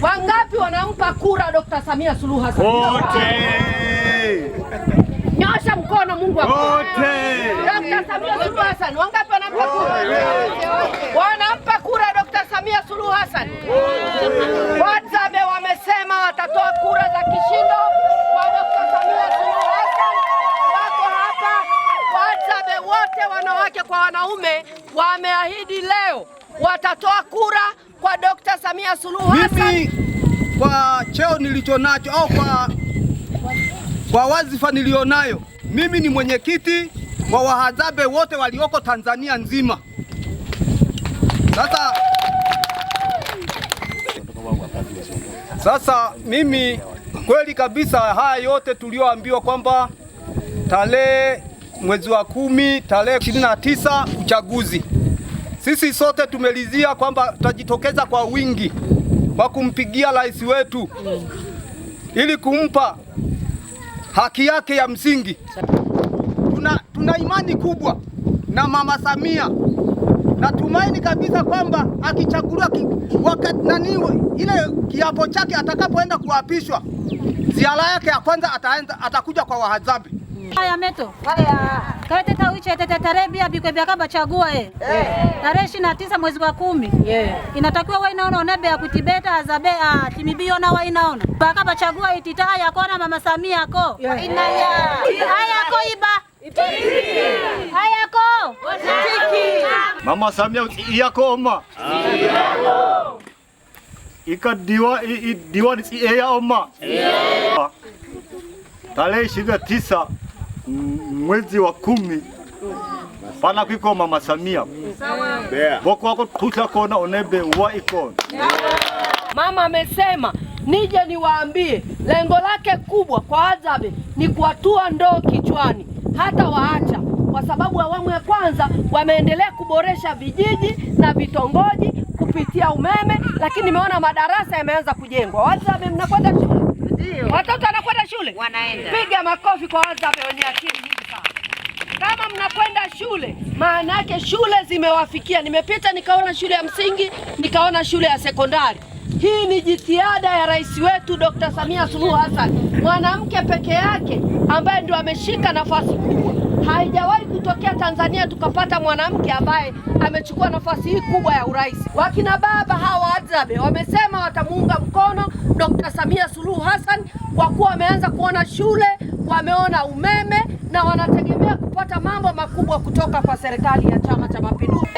Wangapi wanampa kura Dr. Samia Suluhu Hassan? Wote. Nyosha mkono Mungu akupe. Wote. Dr. Samia Suluhu Hassan, wangapi wanampa kura? Wanampa kura Dr. Samia Suluhu Hassan. Wote wamesema watatoa kura za kishindo wote wanawake kwa wanaume wameahidi leo watatoa kura kwa Dr. Samia Suluhu Hassan. Mimi kwa cheo nilichonacho au kwa, kwa wazifa nilionayo mimi ni mwenyekiti wa wahadzabe wote walioko Tanzania nzima. Sasa sasa mimi kweli kabisa haya yote tulioambiwa kwamba tarehe mwezi wa kumi tarehe 29 uchaguzi sisi sote tumelizia kwamba tutajitokeza kwa wingi kwa kumpigia rais wetu ili kumpa haki yake ya msingi. Tuna, tuna imani kubwa na Mama Samia. Natumaini kabisa kwamba akichaguliwa wakati nani ile kiapo chake atakapoenda kuapishwa, ziara yake ya kwanza ataenda atakuja kwa wahadhabi Haya meto. Haya kaeteta wichi eteteterebia bikwebyakaba chagua e tarehe ishirini na tisa mwezi wa kumi inatakiwa wainaona onebe kutibeta azabe ah, wa inaona wainaona bakaba chagua itita haya kona mama Samia ko inaya haya ko iba ayako mama Samia iya iya ko ko oma ika diwa i, diwa ni iya oma tarehe ishirini na tisa mm, mwezi wa kumi pana kwiko mama Samia boko wako tuta kona onebe wa ikona. Mama amesema nije niwaambie, lengo lake kubwa kwa Adzabe ni kuwatua ndoo kichwani, hata waacha kwa sababu awamu ya kwanza wameendelea kuboresha vijiji na vitongoji kupitia umeme, lakini nimeona madarasa yameanza kujengwa. Wazame, mnakwenda shule? Watoto wanakwenda shule? Wanaenda. Piga makofi kwa Wazame wenye akili mnakwenda shule, maana yake shule zimewafikia. Nimepita nikaona shule ya msingi, nikaona shule ya sekondari. Hii ni jitihada ya rais wetu Dr. Samia Suluhu Hassan, mwanamke peke yake ambaye ndio ameshika nafasi kubwa. Haijawahi kutokea Tanzania tukapata mwanamke ambaye amechukua nafasi hii kubwa ya urais. Wakina baba hawa Wahadzabe wamesema watamuunga mkono Dr. Samia Suluhu Hassan kwa kuwa wameanza kuona shule, wameona umeme na wanategemea kupata mambo makubwa kutoka kwa serikali ya Chama cha Mapinduzi.